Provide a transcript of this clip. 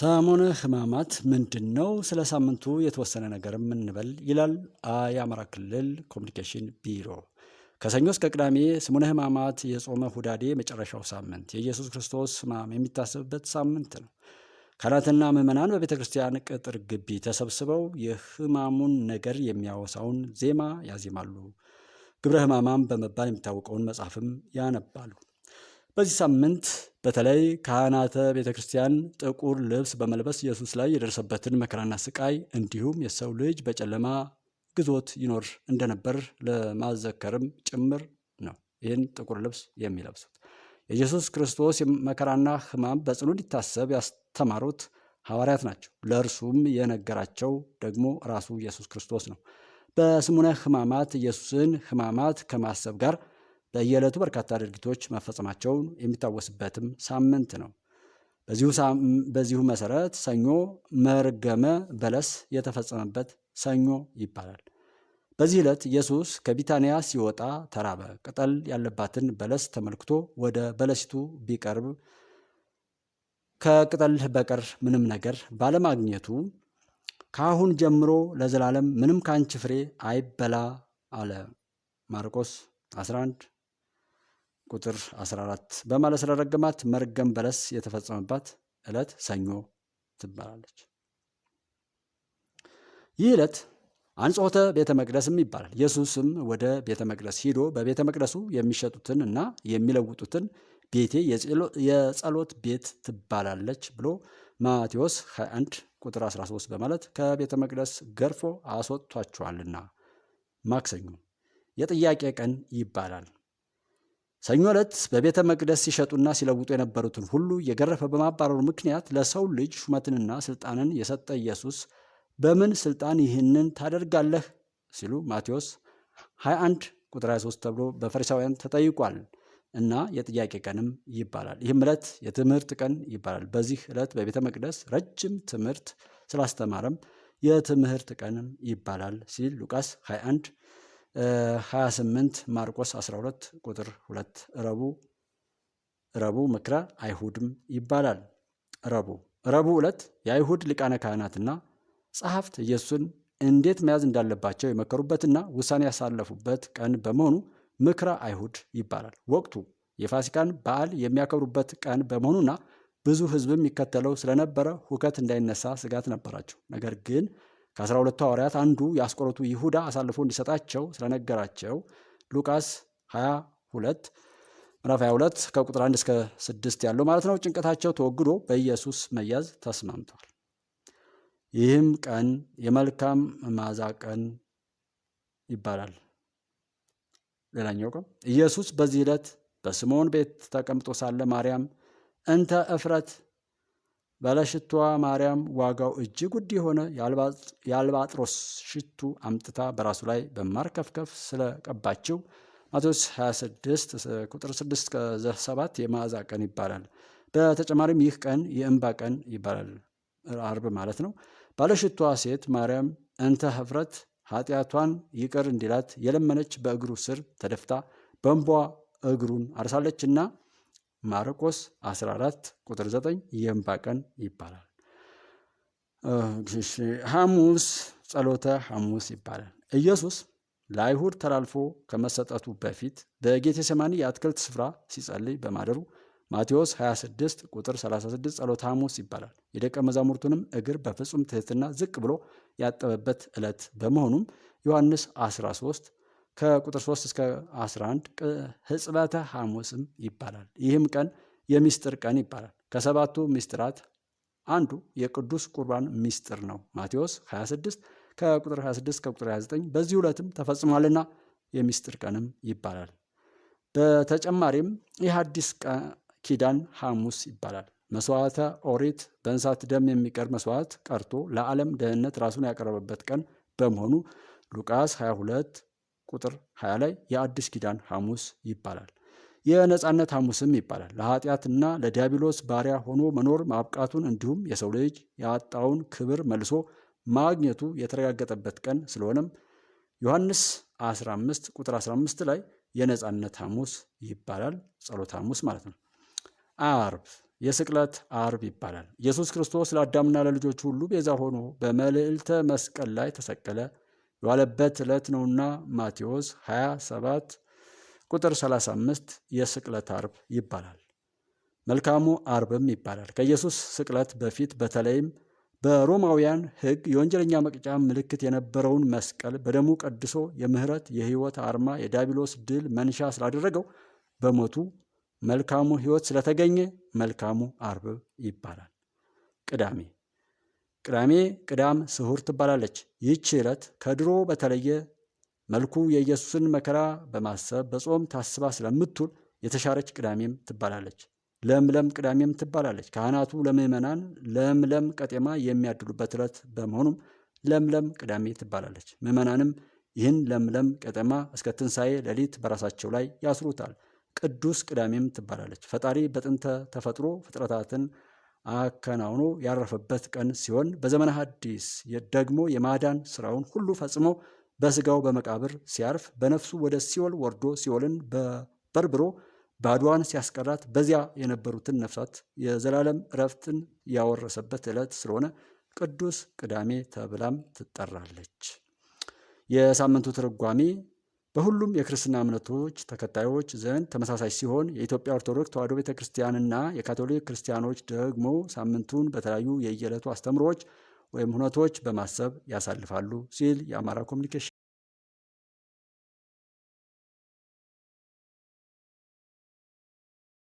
ሰሞነ ሕማማት ምንድን ነው? ስለ ሳምንቱ የተወሰነ ነገር ምንበል ይላል የአማራ ክልል ኮሚኒኬሽን ቢሮ። ከሰኞ እስከ ቅዳሜ ሰሙነ ሕማማት የጾመ ሁዳዴ መጨረሻው ሳምንት የኢየሱስ ክርስቶስ ሕማም የሚታሰብበት ሳምንት ነው። ካህናትና ምዕመናን በቤተ ክርስቲያን ቅጥር ግቢ ተሰብስበው የሕማሙን ነገር የሚያወሳውን ዜማ ያዜማሉ። ግብረ ሕማማም በመባል የሚታወቀውን መጽሐፍም ያነባሉ። በዚህ ሳምንት በተለይ ካህናተ ቤተ ክርስቲያን ጥቁር ልብስ በመልበስ ኢየሱስ ላይ የደረሰበትን መከራና ስቃይ እንዲሁም የሰው ልጅ በጨለማ ግዞት ይኖር እንደነበር ለማዘከርም ጭምር ነው ይህን ጥቁር ልብስ የሚለብሱት። የኢየሱስ ክርስቶስ መከራና ሕማም በጽኑ እንዲታሰብ ያስተማሩት ሐዋርያት ናቸው። ለእርሱም የነገራቸው ደግሞ ራሱ ኢየሱስ ክርስቶስ ነው። በስሙነ ሕማማት ኢየሱስን ሕማማት ከማሰብ ጋር በየዕለቱ በርካታ ድርጊቶች መፈጸማቸውን የሚታወስበትም ሳምንት ነው። በዚሁ መሰረት ሰኞ መርገመ በለስ የተፈጸመበት ሰኞ ይባላል። በዚህ ዕለት ኢየሱስ ከቢታንያ ሲወጣ ተራበ። ቅጠል ያለባትን በለስ ተመልክቶ ወደ በለሲቱ ቢቀርብ ከቅጠል በቀር ምንም ነገር ባለማግኘቱ ከአሁን ጀምሮ ለዘላለም ምንም ከአንቺ ፍሬ አይበላ አለ። ማርቆስ 11 ቁጥር 14 በማለት ስለረገማት መርገም በለስ የተፈጸመባት ዕለት ሰኞ ትባላለች። ይህ ዕለት አንጾተ ቤተ መቅደስም ይባላል። ኢየሱስም ወደ ቤተ መቅደስ ሂዶ በቤተ መቅደሱ የሚሸጡትን እና የሚለውጡትን ቤቴ የጸሎት ቤት ትባላለች ብሎ ማቴዎስ 21 ቁጥር 13 በማለት ከቤተ መቅደስ ገርፎ አስወጥቷቸዋልና ማክሰኞ የጥያቄ ቀን ይባላል። ሰኞ ዕለት በቤተ መቅደስ ሲሸጡና ሲለውጡ የነበሩትን ሁሉ የገረፈ በማባረሩ ምክንያት ለሰው ልጅ ሹመትንና ስልጣንን የሰጠ ኢየሱስ በምን ስልጣን ይህንን ታደርጋለህ ሲሉ ማቴዎስ 21 ቁጥር 23 ተብሎ በፈሪሳውያን ተጠይቋል እና የጥያቄ ቀንም ይባላል። ይህም ዕለት የትምህርት ቀን ይባላል። በዚህ ዕለት በቤተ መቅደስ ረጅም ትምህርት ስላስተማረም የትምህርት ቀንም ይባላል ሲል ሉቃስ 21 28 ማርቆስ 12 ቁጥር 2 ረቡ ረቡ ምክረ አይሁድም ይባላል። ረቡ ረቡ ዕለት የአይሁድ ሊቃነ ካህናትና ጸሐፍት ኢየሱስን እንዴት መያዝ እንዳለባቸው የመከሩበትና ውሳኔ ያሳለፉበት ቀን በመሆኑ ምክረ አይሁድ ይባላል። ወቅቱ የፋሲካን በዓል የሚያከብሩበት ቀን በመሆኑና ብዙ ሕዝብም ይከተለው ስለነበረ ሁከት እንዳይነሳ ስጋት ነበራቸው። ነገር ግን ከአስራ ሁለቱ ሐዋርያት አንዱ የአስቆሮቱ ይሁዳ አሳልፎ እንዲሰጣቸው ስለነገራቸው ሉቃስ 22 ምዕራፍ 22 ከቁጥር 1 እስከ 6 ያለው ማለት ነው። ጭንቀታቸው ተወግዶ በኢየሱስ መያዝ ተስማምቷል። ይህም ቀን የመልካም መዓዛ ቀን ይባላል። ሌላኛው ቀን ኢየሱስ በዚህ ዕለት በስምዖን ቤት ተቀምጦ ሳለ ማርያም እንተ እፍረት ባለሽቶዋ ማርያም ዋጋው እጅግ ውድ የሆነ የአልባጥሮስ ሽቱ አምጥታ በራሱ ላይ በማርከፍከፍ ስለቀባችው ማቴዎስ 26 ቁጥር 6 7 የመዓዛ ቀን ይባላል። በተጨማሪም ይህ ቀን የእንባ ቀን ይባላል፣ አርብ ማለት ነው። ባለሽቷ ሴት ማርያም እንተ ህፍረት ኃጢአቷን ይቅር እንዲላት የለመነች በእግሩ ስር ተደፍታ በእንቧ እግሩን አርሳለችና ማርቆስ 14 ቁጥር 9 የእንባ ቀን ይባላል። ሐሙስ ጸሎተ ሐሙስ ይባላል። ኢየሱስ ለአይሁድ ተላልፎ ከመሰጠቱ በፊት በጌቴሰማኒ የአትክልት ስፍራ ሲጸልይ በማደሩ ማቴዎስ 26 ቁጥር 36 ጸሎተ ሐሙስ ይባላል። የደቀ መዛሙርቱንም እግር በፍጹም ትህትና ዝቅ ብሎ ያጠበበት ዕለት በመሆኑም ዮሐንስ 13 ከቁጥር 3 እስከ 11 ሕጽበተ ሐሙስም ይባላል። ይህም ቀን የሚስጥር ቀን ይባላል። ከሰባቱ ሚስጥራት አንዱ የቅዱስ ቁርባን ሚስጥር ነው። ማቴዎስ 26 ከቁጥር 26 ከቁጥር 29 በዚህ ዕለትም ተፈጽሟልና የሚስጥር ቀንም ይባላል። በተጨማሪም አዲስ ኪዳን ሐሙስ ይባላል። መስዋዕተ ኦሪት በእንስሳት ደም የሚቀርብ መስዋዕት ቀርቶ ለዓለም ደህንነት ራሱን ያቀረበበት ቀን በመሆኑ ሉቃስ 22 ቁጥር 20 ላይ የአዲስ ኪዳን ሐሙስ ይባላል። የነፃነት ሐሙስም ይባላል። ለኃጢአትና ለዲያብሎስ ባሪያ ሆኖ መኖር ማብቃቱን እንዲሁም የሰው ልጅ ያጣውን ክብር መልሶ ማግኘቱ የተረጋገጠበት ቀን ስለሆነም ዮሐንስ 15 ቁጥር 15 ላይ የነፃነት ሐሙስ ይባላል። ጸሎት ሐሙስ ማለት ነው። አርብ የስቅለት አርብ ይባላል። ኢየሱስ ክርስቶስ ለአዳምና ለልጆቹ ሁሉ ቤዛ ሆኖ በመልዕልተ መስቀል ላይ ተሰቀለ፣ የዋለበት ዕለት ነውና ማቴዎስ 27 ቁጥር 35 የስቅለት አርብ ይባላል። መልካሙ አርብም ይባላል። ከኢየሱስ ስቅለት በፊት በተለይም በሮማውያን ሕግ የወንጀለኛ መቅጫ ምልክት የነበረውን መስቀል በደሙ ቀድሶ የምህረት የሕይወት አርማ የዲያብሎስ ድል መንሻ ስላደረገው በሞቱ መልካሙ ሕይወት ስለተገኘ መልካሙ አርብ ይባላል። ቅዳሜ ቅዳሜ ቅዳም ስሁር ትባላለች። ይህች ዕለት ከድሮ በተለየ መልኩ የኢየሱስን መከራ በማሰብ በጾም ታስባ ስለምትውል የተሻረች ቅዳሜም ትባላለች። ለምለም ቅዳሜም ትባላለች። ካህናቱ ለምእመናን ለምለም ቀጤማ የሚያድሉበት ዕለት በመሆኑም ለምለም ቅዳሜ ትባላለች። ምእመናንም ይህን ለምለም ቀጠማ እስከ ትንሣኤ ሌሊት በራሳቸው ላይ ያስሩታል። ቅዱስ ቅዳሜም ትባላለች። ፈጣሪ በጥንተ ተፈጥሮ ፍጥረታትን አከናውኖ ያረፈበት ቀን ሲሆን በዘመነ ሐዲስ ደግሞ የማዳን ስራውን ሁሉ ፈጽሞ በስጋው በመቃብር ሲያርፍ በነፍሱ ወደ ሲኦል ወርዶ ሲኦልን በበርብሮ ባዷን ሲያስቀራት በዚያ የነበሩትን ነፍሳት የዘላለም እረፍትን ያወረሰበት ዕለት ስለሆነ ቅዱስ ቅዳሜ ተብላም ትጠራለች። የሳምንቱ ትርጓሜ በሁሉም የክርስትና እምነቶች ተከታዮች ዘንድ ተመሳሳይ ሲሆን የኢትዮጵያ ኦርቶዶክስ ተዋሕዶ ቤተ ክርስቲያንና የካቶሊክ ክርስቲያኖች ደግሞ ሳምንቱን በተለያዩ የየዕለቱ አስተምሮች ወይም ሁነቶች በማሰብ ያሳልፋሉ ሲል የአማራ ኮሚኒኬሽን